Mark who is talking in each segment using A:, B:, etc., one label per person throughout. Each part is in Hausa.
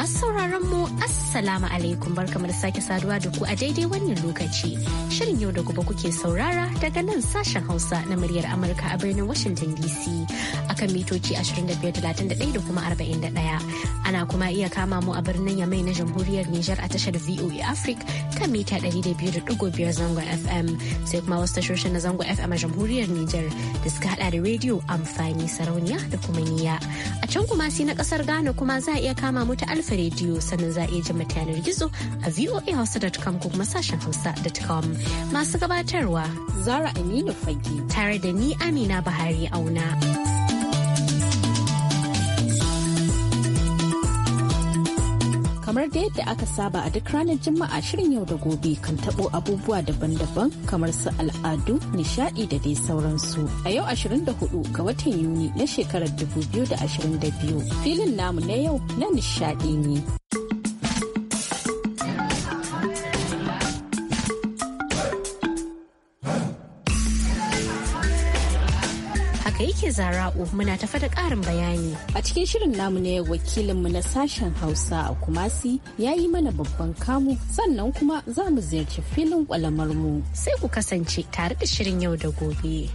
A: Masu sauraron mu Assalamu alaikum bar da sake saduwa da ku a daidai wannan lokaci. Shirin yau da gobe kuke saurara daga nan sashen Hausa na muryar Amurka a birnin Washington DC kan mitoci 2531 da kuma 41. Ana kuma iya kama mu a birnin Yamai na Jamhuriyar Nijar a tashar VOA Africa kan mita 200.5 zango FM sai kuma wasu tashoshin na zango FM a Jamhuriyar Nijar da suka hada da rediyo amfani sarauniya da kuma niya. A can kuma sai na kasar Ghana kuma za a iya kama mu ta Alfa rediyo sannan za a iya jima yanar gizo a voahausa.com ko kuma sashen hausa.com. Masu gabatarwa Zara Aminu Fage tare da ni Amina buhari Auna.
B: kamar da yadda aka saba a duk ranar Juma'a shirin yau da gobe kan tabo abubuwa daban-daban kamar su al'adu, nishadi da dai sauransu. A yau 24 ga watan Yuni na shekarar 2022 filin namu na yau na nishadi ne. haka yake zara'u muna tafa da ƙarin bayani. A cikin shirin namu na wakilin wakilinmu na sashen Hausa a Kumasi ya yi mana babban kamu sannan kuma za mu ziyarci filin kwalamar mu sai ku kasance tare da shirin yau da gobe.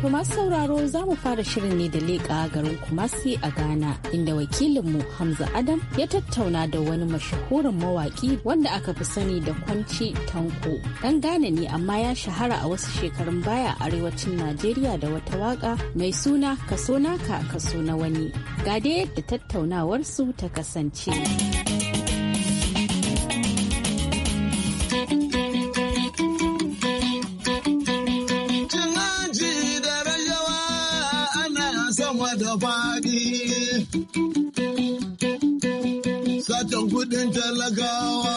B: To masu sauraro za mu fara shirin ne da leƙa garin Kumasi a Ghana inda wakilinmu Hamza Adam ya tattauna da wani mashahuran mawaƙi wanda aka fi sani da Kwanci Tanko. Dan Ghana ne amma ya shahara a wasu shekarun baya a arewacin Najeriya da wata waƙa mai suna kaso naka kaso na wani. Ga yadda tattaunawarsu ta kasance.
C: da faɗi. Satan kudin talakawa.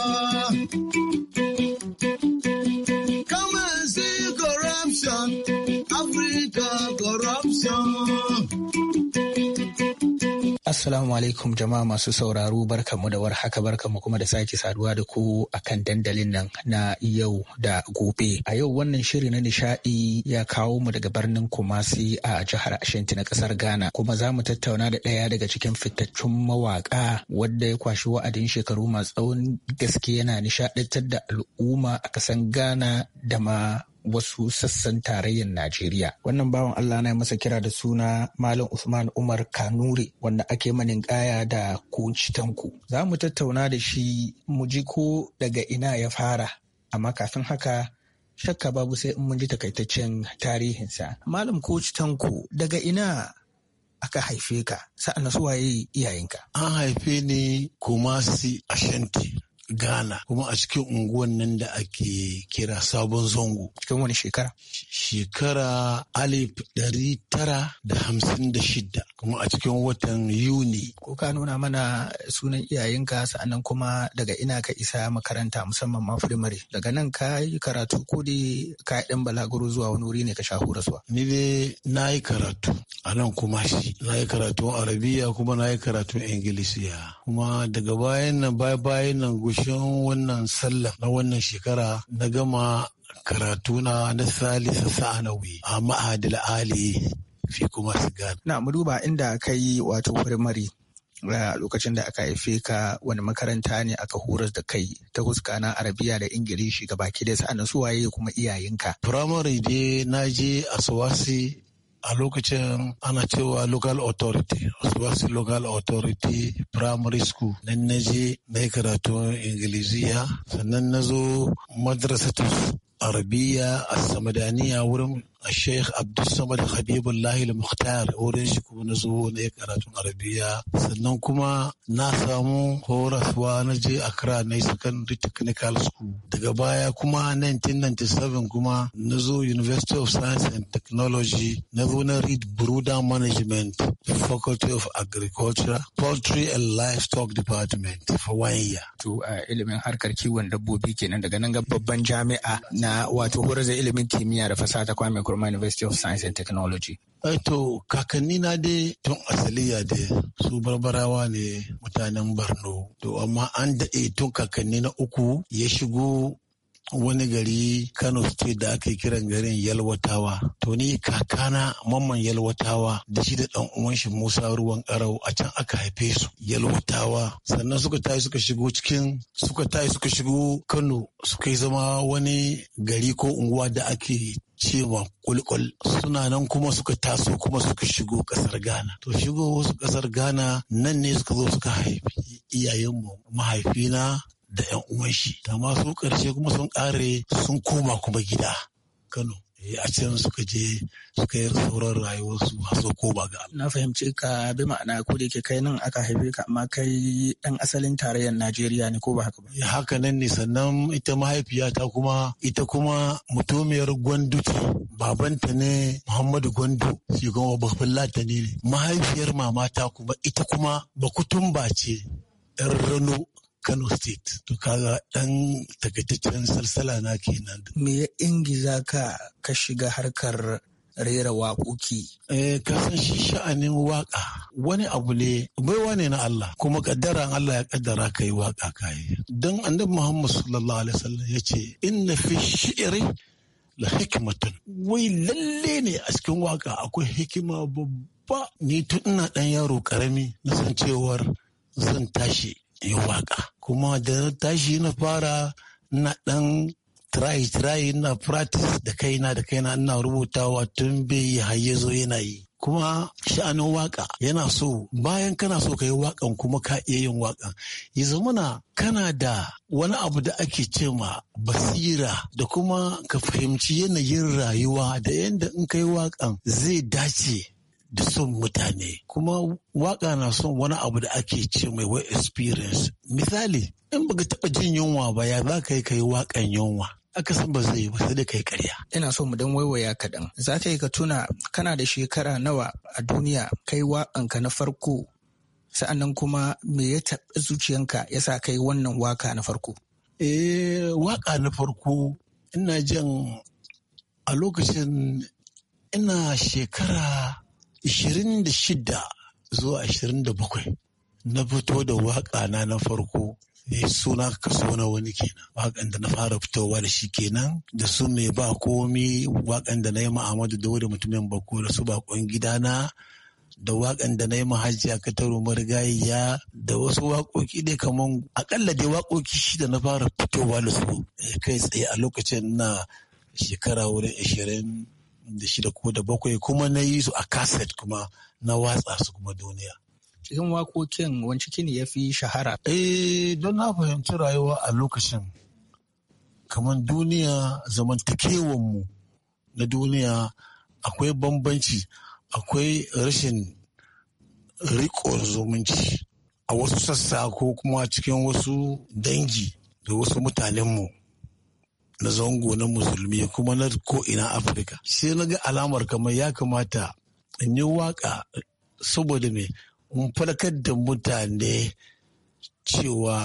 C: Come and see corruption, Africa corruption.
D: Assalamu alaikum jama'a masu sauraro barkamu da warhaka mu kuma da sake saduwa da ku akan dandalin nan na yau da gobe. A yau wannan shiri na nishadi ya kawo mu daga birnin Kumasi a jihar Ashanti na kasar Ghana kuma za mu tattauna da ɗaya daga cikin fitattun mawaka wadda ya kwashi wa'adin shekaru masu tsawon gaske yana nishadantar da al'umma a kasan Ghana da ma wasu sassan tarayyar Najeriya. Wannan bawan Allah na masa kira da suna Malam Usman Umar Kanure wanda ake manin kaya da kunci tanku. Za mu tattauna da shi mu ji ko daga ina ya fara, amma kafin haka shakka babu sai in mun ji takaitaccen tarihinsa. Malam Koci Tanko daga ina aka haife ka sa'an
C: suwaye iyayenka. An haife ni Kumasi Ashanti Ghana kuma a cikin unguwan nan da ake kira Sabon Zongo. Cikin wani shekara? Shekara alif ɗari tara da hamsin da shida kuma a cikin watan
D: Yuni. Ko ka nuna mana sunan iyayenka sa'annan kuma daga ina ka isa makaranta musamman ma firimare. Daga nan ka yi karatu ko dai ka ɗan balaguro zuwa wani wuri
C: ne ka sha suwa. Ni dai na yi karatu a nan kuma shi. Na yi karatun Arabiya kuma na yi karatun Ingilisiya. Kuma daga bayan nan bayan nan ƙarshen wannan sallah na wannan shekara na gama karatuna na salisa sa'anawi a ma'adil ali fi kuma sigan. Na mu duba inda ka yi wato
D: firmari eh, a lokacin da aka haife ka wani makaranta ne aka horar da kai ta huska na arabiya da ingilishi ga baki da sa'an su waye kuma iyayenka. Firamare dai na
C: je a Suwasi a lokacin ana cewa local authority wasu local authority primary school nan na je na yi karatu ingiliziya sannan na zo madrasatus arabiya a samadaniya wurin Sheikh Abdulsamad الصمد Mukhtar الله المختار kuma na zo na yi karatun Arabiya sannan kuma na samu horaswa na je Accra na secondary technical school daga baya kuma 1997 kuma نزو University of Science and Technology na zo read Management Faculty of Agriculture Poultry and Livestock Department for one year.
D: To ilimin harkar kiwon dabbobi kenan daga nan babban jami'a na wato horar da ilimin kimiyya da fasaha ta kwame Nkrumah University of Science and Technology.
C: Eh, to kakanni na dai tun asaliya da su barbarawa ne mutanen Borno. To amma an daɗe tun kakanni na uku ya shigo wani gari Kano State da aka kiran garin Yalwatawa. To ni kakana mamman Yalwatawa da shi da ɗan uwan shi Musa Ruwan Karau a can aka haife su Yalwatawa. Sannan suka tayi suka shigo cikin suka tayi suka shigo Kano suka yi zama wani gari ko unguwa da ake cewa kulkul suna nan kuma suka taso kuma suka shigo kasar ghana to shigo wasu kasar ghana nan ne suka zo suka haifi iyayenmu mahaifina da yan uwan shi amma su karshe kuma sun kare sun koma kuma gida kano Eh, a can suka je suka yi sauran rayuwarsu a sauko ba ga Na fahimci ka bi ma'ana ko
D: da ke kai nan aka haife ka amma kai ɗan asalin tarayyar Najeriya ne ko ba haka ba. Eh, haka nan ne
C: sannan ita mahaifiyata kuma ita kuma mutumiyar Gwandu ce babanta ne Muhammadu Gwandu shi kuma babban lata ne. Mahaifiyar mamata kuma ita kuma bakutumba ce 'yan rano Kano State. To kaga ɗan takaitaccen salsala na kenan. Me ya ingiza ka ka shiga harkar rera waƙoƙi. Eh, ka san shi sha'anin waƙa wani abu ne bai ne na Allah kuma kaddaran Allah ya kaddara ka yi waƙa ka yi. Don annabi Muhammad sallallahu alaihi wasallam ya ce inna fi shi'ri la hikmatun. Wai lalle ne a cikin waƙa akwai hikima babba. Ni tun ina ɗan yaro ƙarami na san cewar zan tashi yi waka kuma da tashi na fara na dan try try na practice da kaina da kaina ina rubutawa tun bai har zo yana yi kuma sha'anin waka yana so bayan kana so ka yi wakan kuma ka iya yin wakan ya zamana kana da wani abu da ake ce ma basira da kuma ka fahimci yanayin rayuwa da yadda in ka yi wakan zai dace da son mutane kuma waka na son wani abu da ake ce mai wa experience misali in baka taba jin yunwa ba ya za ka yi ka yi wakan yunwa aka san ba zai yi ba sai da kai karya.
D: Ina so mu dan waiwaya kaɗan. Za ka yi ka tuna kana da shekara nawa a duniya kai wakanka na farko sa'annan kuma me ya taɓa zuciyanka ya sa kai wannan waka na farko?
C: Eh waka na farko ina jin a lokacin ina shekara 26 zuwa 27 na fito da waƙa na na farko ne eh, suna kaso na wani kenan waƙan da na fara fitowa da shi kenan da su mai ba komi waƙan da na yi ma'amadu da wadda mutumin bako da su bakon gidana da waƙan da na yi mahajjiya kataru marigayiya da wasu waƙoƙi dai kamar akalla dai waƙoƙi shi da na fara fitowa da su eh, kai tsaye a lokacin na shekara wurin ashirin da shida ko da bakwai kuma na yi su a kaset kuma na watsa su kuma duniya. Cikin wakokin wanciki ne ya fi shahara? Eh don na fahimci rayuwa a lokacin kamar duniya zamantakewanmu na duniya akwai bambanci akwai rashin riƙon zumunci a wasu sassa ko kuma cikin wasu dangi da wasu mutanenmu. na zango na musulmi kuma na ko'ina afirka sai na ga alamar kamar ya kamata in yi waka saboda mai in farkar da mutane cewa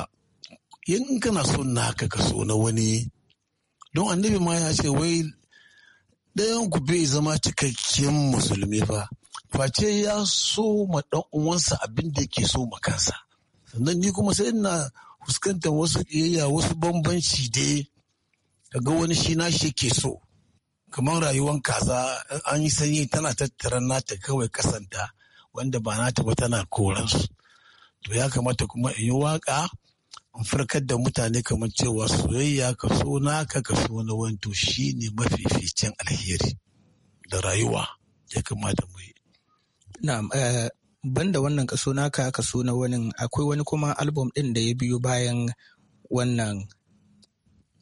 C: yin kana son naka ka so na wani don annabi ma ya ce wai ɗayan ku bai zama cikakken musulmi ba face ya so ma ɗan uwansa abinda yake so ma kansa sannan ni kuma sai ina fuskantar wasu ƙiyayya wasu bambanci dai ga wani shi na shi ke so kamar rayuwar kaza an yi sanyi tana tattara nata kawai kasanta wanda ba nata ba tana koransu to ya kamata kuma in yi waka in farkar da mutane kamar cewa soyayya ka so naka ka so na wani shi ne mafificin alheri da rayuwa ya kamata mu yi. Na'am, eh, banda wannan kaso
D: naka kaso na wani akwai wani kuma album ɗin da ya biyo bayan wannan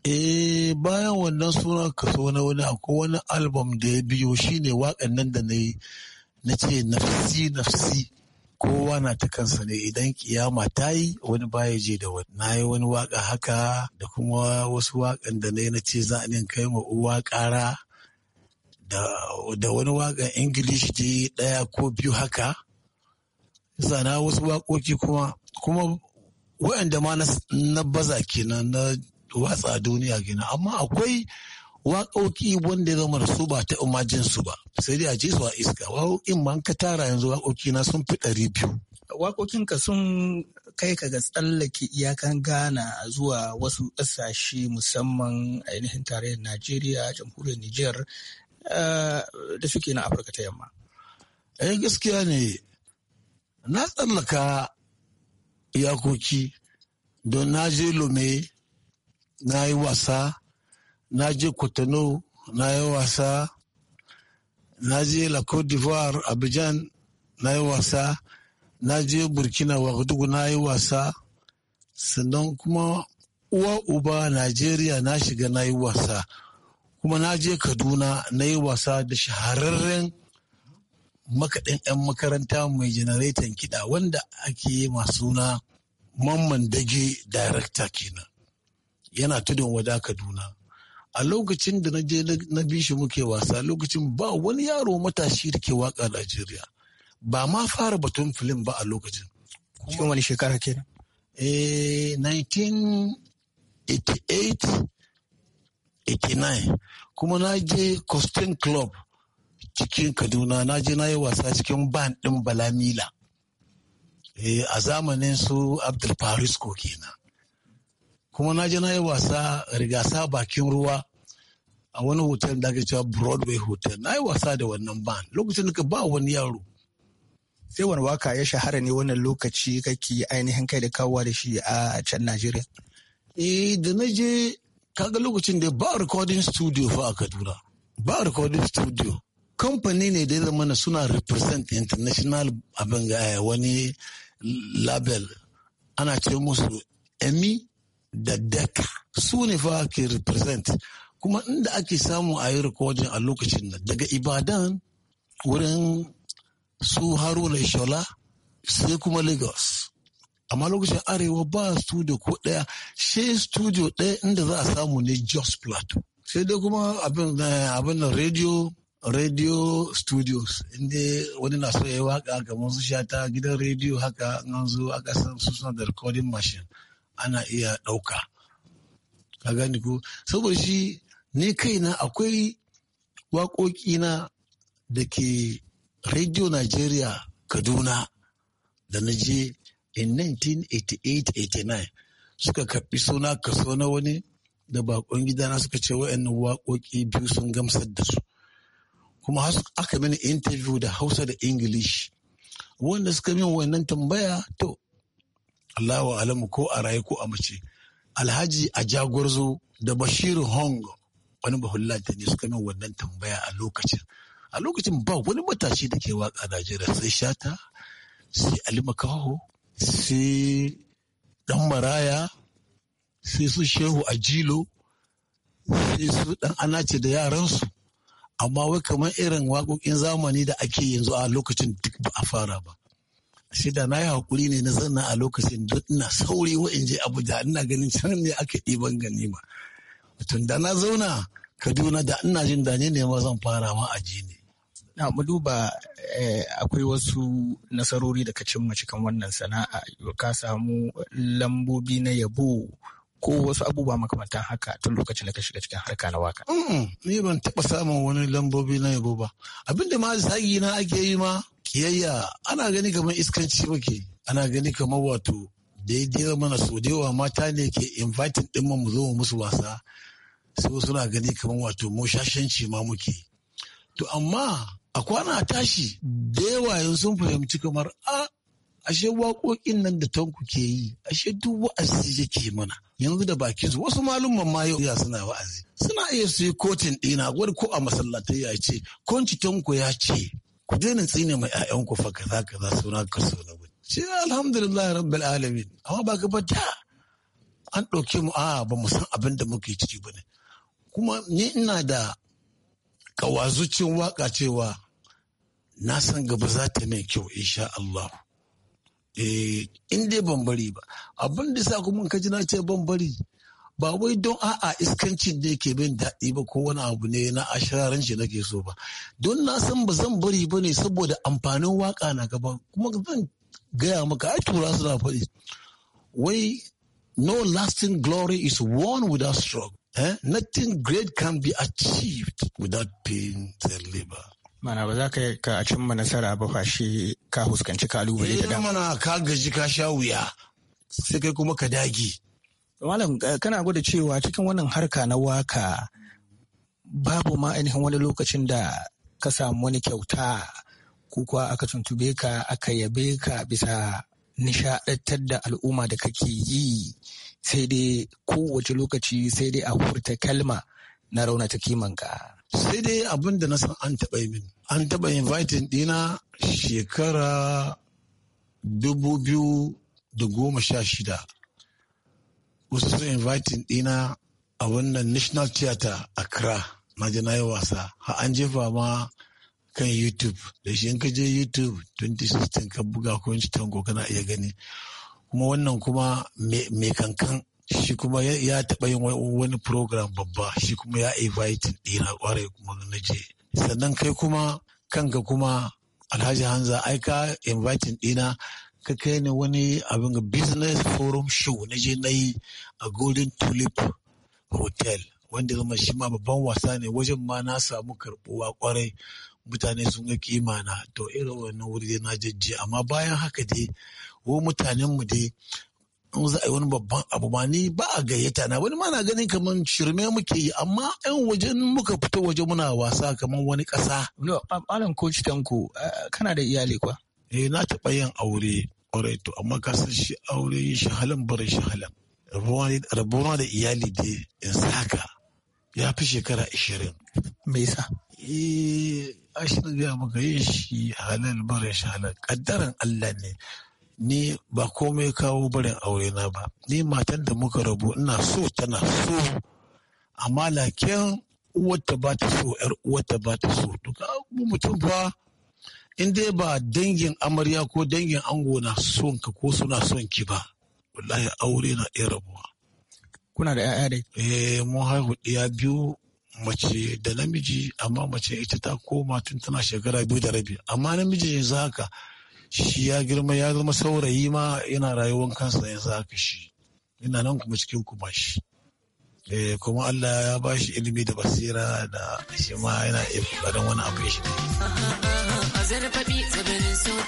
C: eh bayan wannan suna kaso na wani akwai wani album da ya biyo shine waƙan nan da na yi na ce nafsi nafsi kowa na ta kansa ne idan kiyama ta yi wani baya je da wani na yi wani waka haka da kuma wasu wakan da na na ce za a kai ma uwa ƙara da wani wakan ingilish je ɗaya ko biyu haka zana wasu waƙoƙi kuma kuma waɗanda ma na baza kenan na watsa a duniya gina amma akwai waƙoƙi wanda ya zama su ba ta imajin su ba sai dai a je su a iska in man ka tara yanzu waƙoƙi na sun fi ɗari biyu.
D: waƙoƙin ka sun kai ka ga tsallake iyakan Ghana zuwa wasu ƙasashe musamman ainihin tarayyar Najeriya, jamhuriyar Nijar eh,
C: da suke na Afirka ta yamma. Ai eh, gaskiya ne na tsallaka iyakoki don na je Lome na yi wasa na je Cotonou na yi wasa na je la cote d'Ivoire Abidjan na yi wasa na je Burkina Wagadugu na yi wasa sannan kuma uwa uba nigeria na shiga na yi wasa kuma na je Kaduna na yi wasa da shahararren makaɗin 'yan makaranta mai janaraitan kiɗa wanda ake yi masu suna mamman dage darakta kenan. yana tudun wada kaduna a lokacin da na je na bi shi muke wasa lokacin ba wani yaro matashi da ke waka a Najeriya ba ma fara batun filin ba a lokacin. Cikin wani shekara ke Eh 1988-89 kuma na je Costin Club cikin Kaduna na je na yi wasa cikin ban ɗin Balamila. Eh, a zamanin su Abdul ko kenan. kuma na je na yi wasa rigasa bakin ruwa a wani hotel da ake cewa broadway hotel na yi wasa da wannan ban lokacin da ka ba wani yaro sai wani waka ya shahara ne wannan
D: lokaci kake ainihin kai da kawowa da shi a can najeriya eh da na
C: je kaga lokacin da ba recording studio fa a kaduna ba recording studio kamfani ne da zama suna represent international abin ga eh, wani label ana ce musu emi da deka su ne fa ke represent kuma inda ake samu a yi rikodin a lokacin nan daga ibadan wurin su haruna shola sai kuma lagos amma lokacin arewa ba studio ko ɗaya sai studio ɗaya inda za a samu ne jos plateau sai dai kuma abin eh, nan radio radio studios inda wani na so ya waka kamar sha ta gidan radio haka nan zo a kasan su suna da recording machine ana iya ɗauka ka gani ko saboda shi ni kaina akwai na da ke radio nigeria kaduna da na je in 1988-89 suka karɓi suna kaso na wani da baƙon gidana suka ce wa'annan waƙoƙi biyu sun gamsar da su kuma aka mini interview da hausa da english wanda suka min wannan tambaya to Allahu alamu ko a raye ko a mace alhaji a jagorzo da bashir hong wani bahullata ne suka min wannan tambaya a lokacin a lokacin ba wani matashi da ke waka a najeriya sai shata sai ali makaho sai dan maraya sai su shehu Ajilo sai su dan anace da yaransu amma wai kamar irin waƙoƙin zamani da ake yanzu a lokacin duk ba a fara ba shida na yi hakuri ne na zanna a lokacin duk na sauri wa in je abuja ina ganin can ne aka ɗiban ganima tun da na zauna kaduna da ina jin da ne ma zan fara ma aji
D: ne na mu duba eh, akwai wasu nasarori da ka cimma cikin wannan sana'a ka samu lambobi na yabo ko wasu abubuwa makamantan haka tun lokacin da ka shiga cikin harka na waka.
C: Mm, ni ban taɓa samun wani lambobi na yabo ba abinda ma zagi na ake yi ma kiyayya ana gani kamar iskanci muke ana gani kamar wato daidai mana so da yawa mata ne ke inviting din mu zo musu wasa sai suna gani kamar wato mu shashanci ma muke to amma a kwana tashi da yawa sun fahimci kamar a ashe waƙoƙin nan da tanku ke yi ashe duk wa'azi yake mana yanzu da bakin su wasu malumman ma yau suna wa'azi suna iya su yi kotin ɗina gwada ko a masallatai ya ce kwanci tanku ya ce ku daina tsine mai ƴaƴanku fa kaza kaza suna ka so na gudu shi alhamdulillah rabbil alamin amma ba ka bata an ɗauke mu a ba mu san abin da muke ciki ba ne kuma ni ina da kawazucin waka cewa na san gaba za ta mai kyau insha Allah eh in dai ban bari ba abin da sa kuma ka ji na ce ban bari ba wai don a'a iskancin ne ke bin daɗi ba ko wani abu ne na ashiraran shi nake so ba don na san ba zan bari ba ne saboda amfanin waka na gaba kuma zan gaya maka ai tura suna faɗi wai no lasting glory is won without struggle eh? nothing great can be achieved without pain and labor
D: mana ba za ka ka cimma nasara ba shi ka fuskanci kalubale da eh, dama mana ka gaji ka sha wuya sai kai kuma ka dage Malam eh, kana gwada cewa cikin wannan harka na waka babu ma ainihin wani lokacin da ka samu wani kyauta ko kuwa aka tuntube ka aka yabe ka bisa nishaɗantar da al'umma da kake yi sai dai kowace lokaci
C: sai dai a furta kalma na raunata kimanka. Sai dai abin da na san an taɓa yi min. An taɓa inviting ɗina shekara dubu biyu da goma sha shida wasu sun inviting dina a wannan national theater accra na je na yi wasa har an jefa ma kan youtube da shi yanka je youtube 2016 ka buga ko tango kana iya gani kuma wannan kuma mai kankan shi kuma ya taɓa yin wani program babba shi kuma ya invite dina kwarai kuma na je sannan kai kuma kanka kuma alhaji hanza aika ka inviting ɗina ka kai ni wani abin business forum show na je na yi a golden tulip hotel wanda zama shi ma babban wasa ne wajen ma na samu karbuwa kwarai mutane sun ga kima na to irin wannan wuri dai na jajje amma bayan haka dai wo mutanen mu dai in za a yi wani babban abu ma ni ba a gayyata na wani ma na ganin kamar shirme muke yi amma yan wajen muka fito waje muna wasa kaman wani ƙasa. No, Alan Coach Tanko, kana da iyali kwa? Eh, na taɓa yin aure. Kwarai to amma ka san shi aure yin shi halan barin shi Rabuwa da iyali dai in saka ya fi shekara ashirin. Me yasa? Eh, ashirin ya maka yin shi halal barin shi halal. Kaddaran Allah ne. Ni ba komai kawo barin aure na ba. Ni matan da muka rabu ina so tana so. Amma lakin uwarta ba ta so, ‘yar ta ba ta so. to Duka mutum ba in dai ba dangin amarya ko dangin ango na son ka ko suna son ki ba wallahi aure na iya rabuwa kuna da 'ya'ya dai eh mun haihu ɗiya biyu mace da namiji amma mace ita ta koma tun tana shekara biyu da rabi amma namiji yanzu haka shi ya girma ya zama saurayi ma yana rayuwar kansa yanzu haka shi yana nan kuma cikin kuma shi eh kuma Allah ya ba shi ilimi da basira da shi ma yana ibadan wani abu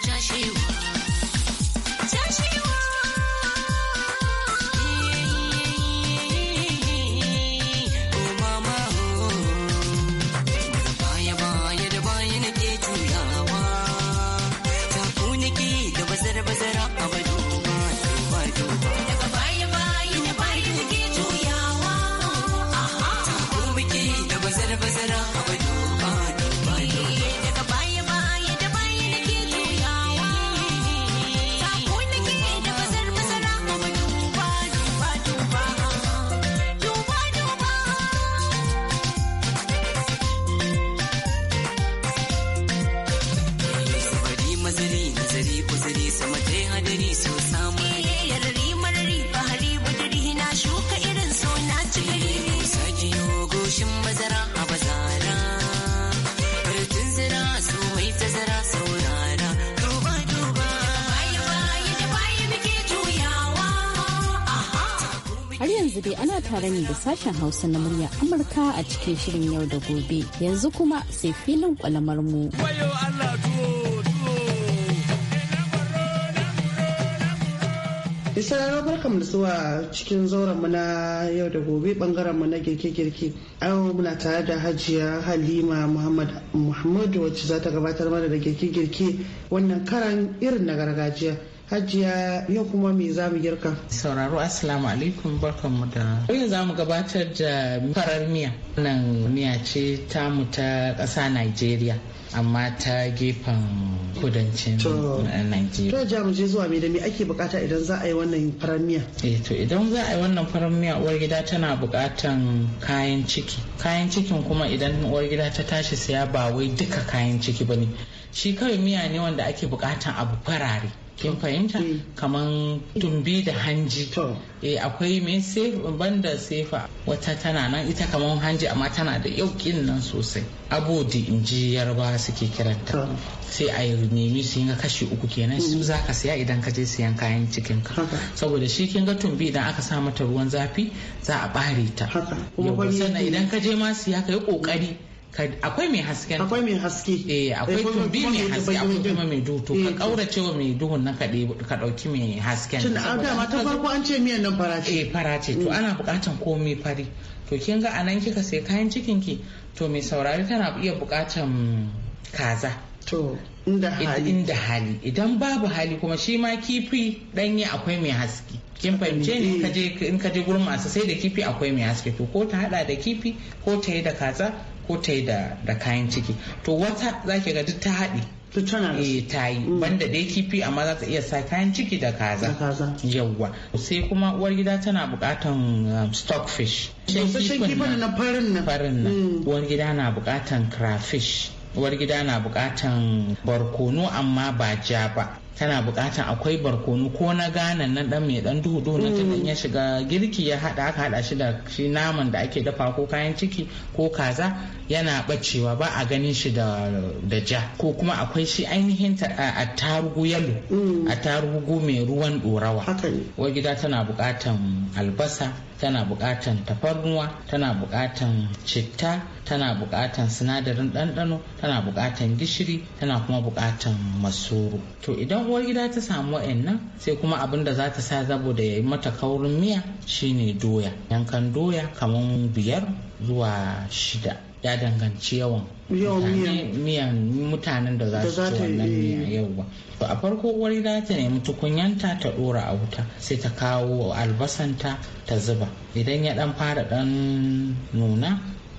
E: ya shi.
B: sashen Hausa na murya Amurka a cikin shirin yau da gobe. Yanzu kuma sai filin kwalamar
D: mu. Isararwa barkam da zuwa cikin zauren mu na yau da gobe bangaren mu na girke-girke. Yau muna tare da Hajiya Halima Muhammad Muhammadu wacce za ta gabatar mana da girke-girke wannan karan irin na gargajiya.
F: Hajiya yau kuma me za mu girka? Sauraro asalamu alaikum barkanmu da. Yau za mu gabatar da farar miya. Nan miya ce mu ta ƙasa Najeriya amma ta gefen kudancin Najeriya. To ja mu je zuwa me da me ake bukata idan za a yi wannan farar miya? Eh to idan za a yi wannan farar miya uwar gida tana bukatan kayan ciki. Kayan cikin kuma idan uwar gida ta tashi saya ba wai duka kayan ciki bane. Shi kawai miya ne wanda ake bukatan abu farare. kin fahimta mm. kaman tumbi da hanji E akwai mai sefa banda sefa wata tana nan ita kaman hanji amma tana da yaukin nan sosai abodi in ji yarba suke kiranta sai a nemi su ga kashi uku kenan su mm. za ka siya idan ka je siyan kayan cikin ka saboda shi kin ga tumbi idan aka sa mata ruwan zafi za a bare ta yau idan ka je ma siya ka yi kokari akwai mai hasken akwai mai haske eh akwai eh, tumbi mai haske akwai kuma mai duhu eh, ka kaurace wa mai duhun nan ka ka dauki mai hasken tun da ah, dama ta farko an ce miyan nan farace eh farace to mm. ana bukatan komai fari to kin ga anan kika sai kayan cikin ki to mai saurari tana iya bukatan kaza to inda hali inda hali idan babu hali kuma shi ma kifi danye akwai mai haske kin fahimce ne in ka je gurin masu sai da kifi akwai mai haske to ko ta hada da kifi ko ta yi da kaza ko ta yi da kayan ciki to wata za ki ga duk ta haɗi eh ta yi mm. banda dai kifi amma za ta iya sa kayan ciki da kaza yawwa sai kuma uwar gida tana bukatan um, stockfish farin nan mm. uwar gida na bukatan crayfish uwar na bukatan barkono amma ba ja ba tana bukatan akwai barkono ko na gana nan dan mai dan duhu duhu na tunan mm. ya shiga girki ya hada aka hada shi da shi naman da ake dafa ko kayan ciki ko kaza yana bacewa ba a ganin shi da ja ko kuma akwai shi ainihin a tarugu yalo mm. a tarugu mai ruwan dorawa wai gida tana bukatan albasa tana bukatan tafarnuwa tana bukatan citta tana bukatan sinadarin ɗanɗano tana bukatan gishiri tana kuma bukatan masoro to idan uwar gida ta samu wa'annan sai kuma abin da za ta sa zabo da ya yi mata kaurin miya shine doya yankan doya kaman biyar zuwa shida ya danganci yawan miyan mutanen da za su ci wannan miya yau ba to a farko wani za ta nemi tukunyanta ta dora a wuta sai ta kawo albasanta ta zuba idan ya dan fara dan nuna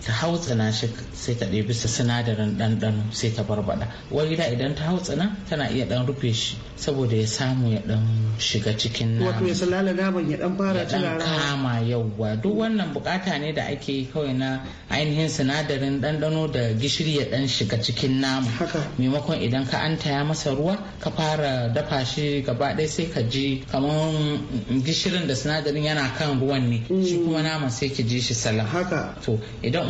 F: ta hau shi sai ta ɗebi sa sinadarin ɗanɗano sai ta barbada wani da idan ta hau tsana tana iya ɗan rufe shi saboda ya samu ya ɗan shiga cikin nama wato ya
D: salala naman ya ɗan fara ya
F: kama yauwa duk wannan bukata ne da ake kawai na ainihin sinadarin ɗanɗano da gishiri ya ɗan shiga cikin nama maimakon idan ka antaya masa ruwa ka fara dafa shi gaba ɗaya sai ka ji kamar gishirin da sinadarin yana kan ruwan ne shi mm. kuma nama sai ki ji shi salam haka to idan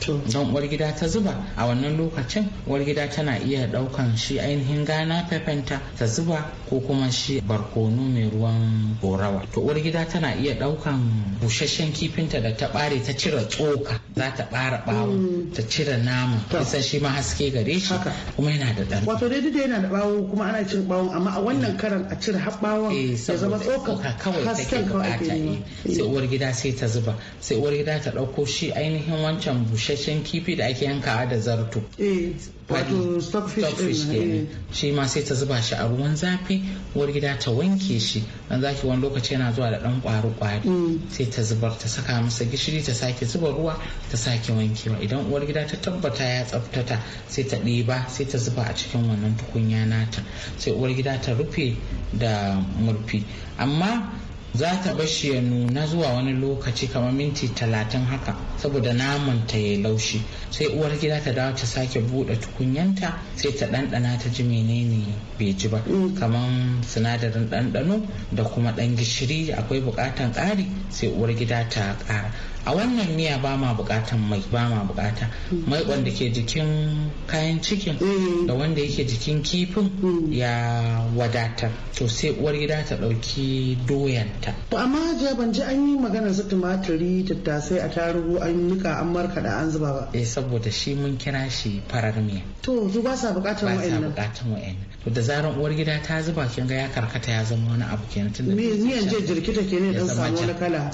F: to don uwar gida ta zuba a wannan lokacin uwar gida tana iya daukan shi ainihin gana pepenta ta zuba ko kuma shi barkono mai ruwan gorawa to uwar gida tana iya daukan busasshen kifinta da ta bare ta cire tsoka za ta bara bawo mm. ta cire nama kusan shi ma haske gare shi kuma yana da
D: dan wato dai da yana da bawo kuma ana cin bawon amma
F: a wannan mm. karan a cire har bawon eh, ya zama tsoka kawai take bukata eh. sai uwar gida sai ta zuba sai uwar gida ta dauko shi ainihin wancan bushe busasshen kifi da ake yankawa da zarto eh, wato stockfish ne eh. shi ma sai ta zuba shi a ruwan zafi uwar gida ta wanke shi dan zaki wani lokaci yana zuwa da dan kwari kwari mm. sai ta zubar ta saka masa gishiri ta sake zuba ruwa ta sake wankewa idan uwar ta tabbata ya tsaftata sai ta ɗeba sai ta zuba a cikin wannan tukunya nata sai uwar gida ta rufe da murfi amma za ta bashi ya nuna zuwa wani lokaci kamar minti talatin haka saboda naman ta ya laushi sai uwar gida ta dawo ta sake bude tukunyanta sai ta ɗanɗana ta ji menene bai ji ba mm. kamar sinadarin ɗanɗano da kuma ɗan gishiri akwai buƙatan ƙari sai uwar gida ta ƙara a wannan miya ba ma bukatan mai ba ma bukata mai wanda ke jikin kayan cikin mm. da wanda yake jikin kifin mm. ya wadatar to sai uwar gida ta dauki doyanta
D: to amma jiya ban ji an yi magana
F: su tumaturi tattasai a tarugu an nika an da an zuba ba eh saboda shi mun kira shi farar miya to su ba sa bukatan wa'annan ba sa bukatan wa'annan to da zaran uwar gida ta zuba kin ga ya karkata ya zama wani abu kenan tunda miyan je jirkita kenan dan samu wani kala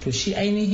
F: to shi ainihin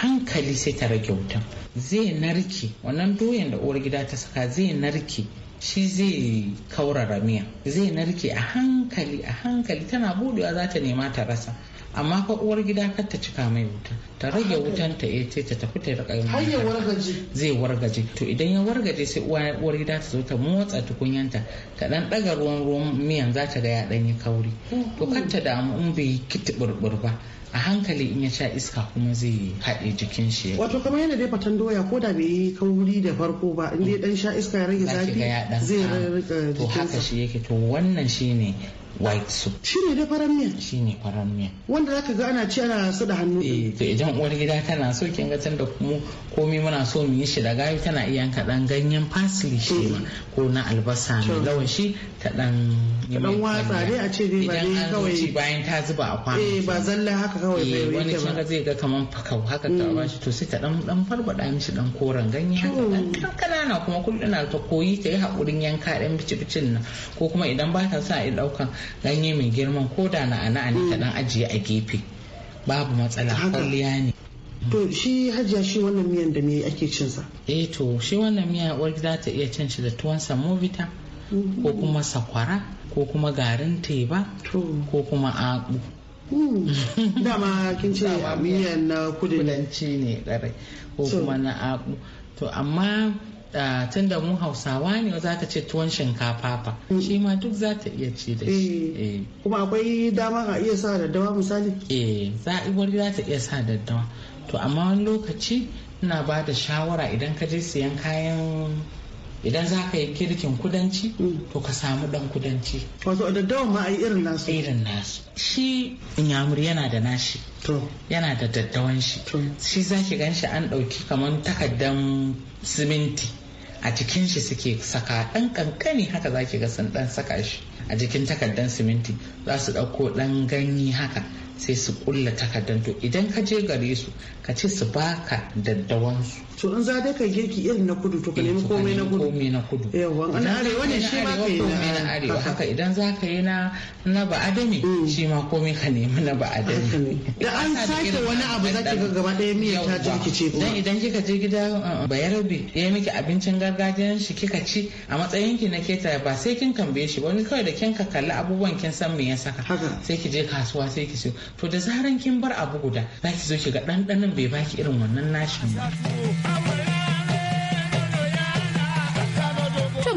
F: hankali sai ta rage wutan zai narke wannan doyan da uwar gida ta saka zai narke shi zai kaurara miya zai narke a hankali a hankali tana budewa za ta nema ta rasa amma fa uwar gida kar ta cika mai wuta ta rage wutan ta eh, ita ta tafi ta rika ya wargaje zai wargaje to idan ya wargaje sai uwar gida ta zo ta motsa tukunyanta ta dan daga ruwan ruwan miyan za ta ga ya dan yi kauri to kar ta damu in bai yi kitiburbur ba a hankali in ya sha iska kuma zai haɗe jikin shi wato kamar yana dai fatan doya ko da bai yi kauri da farko ba in dai dan sha iska ya rage zafi zai rage jikinsa to haka shi yake to wannan shine white soup ne da faran miya ne faran miya wanda zaka ga ana ci ana su da hannu eh to idan uwar gida tana so kin ga da kuma komai muna so mu yi shi da gayu tana iya yanka dan ganyen parsley shi ma ko na albasa mai lawan shi ta dan dan watsa dai a ce dai ba dai kawai bayan ta zuba a kwano eh ba zalla haka kawai bai eh, yi wani kin ga zai ga kaman fakau haka ta mm. ba shi to sai ta dan dan farbada mishi dan koren ganye haka dan kanana kuma na ta koyi ta yi hakurin yanka dan bici bicin nan ko kuma idan ba ta sa a daukan ganye mai girman ko da na ana ne ta dan ajiye a gefe babu matsala kwalliya ne to shi hajiya shi wannan miyan da me ake cin sa eh to shi wannan miya uwar za ta iya cin shi da tuwon samovita ko mm-hmm. kuma sakwara ko kuma garin teba ko kuma aku mm. dama kin ce miyan na kudanci ne dare. ko kuma na aku to amma tun da mu hausawa ne za ka ce tuwon shinkafa fa shi ma duk za ta iya ci da shi eh. Eh. kuma akwai dama a iya sa daddawa misali eh za za ta iya sa daddawa to amma wani lokaci ina ba da shawara idan ka je siyan kayan idan za ka yi kirkin kudanci mm. to ka samu dan kudanci
D: wato daddawa
F: ma a yi irin nasu irin nasu shi inyamur yana da nashi To. yana da daddawan shi shi za ki gan shi an ɗauki kamar takaddan siminti a jikin shi suke saka ɗan kankani haka zaki ga sun ɗan saka shi a jikin takardar siminti za su ɗauko ɗan ganye haka sai su kulla takardan to idan ka je gare su ka ce su baka daddawan su
D: to in za dai ka girki irin na kudu to ka eh, nemi komai na kudu
F: komai na kudu yawa an arewa ne shi ma kai na arewa haka idan za ka yi na na ba adami mm. shi ma komai ka nemi na ba adami da an sake wani abu za ka ga gaba daya miya ta jirkice ko dan idan kika je gida uh, uh, bayarabe ya miki abincin gargajiyan shi kika ci a matsayin ki na keta ba sai kin tambaye shi wani kawai da kin ka kalli abubuwan kin san me ya saka sai ki je kasuwa sai ki siyo to da zaran kin bar abu guda za ki zo ki ga ɗanɗanon bai baki irin wannan nashin ba.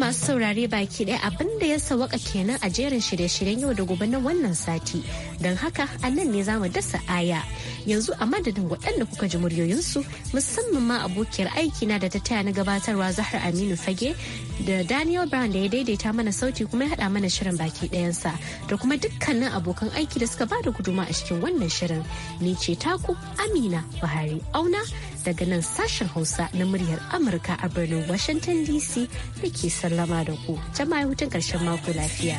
A: masu saurare baki ɗaya abinda ya sawaka kenan a jerin shirye-shiryen yau da gobe na wannan sati. Don haka a nan ne zamu dasa aya. Yanzu a madadin waɗanda kuka ji muryoyinsu musamman ma abokiyar aikina da ta taya na gabatarwa zahar Aminu Fage da Daniel Brown da ya daidaita mana sauti kuma ya haɗa mana shirin baki ɗayansa da kuma dukkanin abokan aiki da suka bada guduma a cikin wannan shirin. Ni ce taku Amina Buhari Auna daga nan sashen Hausa na muryar Amurka a birnin Washington DC da ke sallama da ku. Jama'a hutun ƙarshen mako lafiya.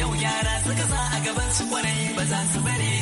E: Yau yara suka sa a gaban su kwarai ba za su bari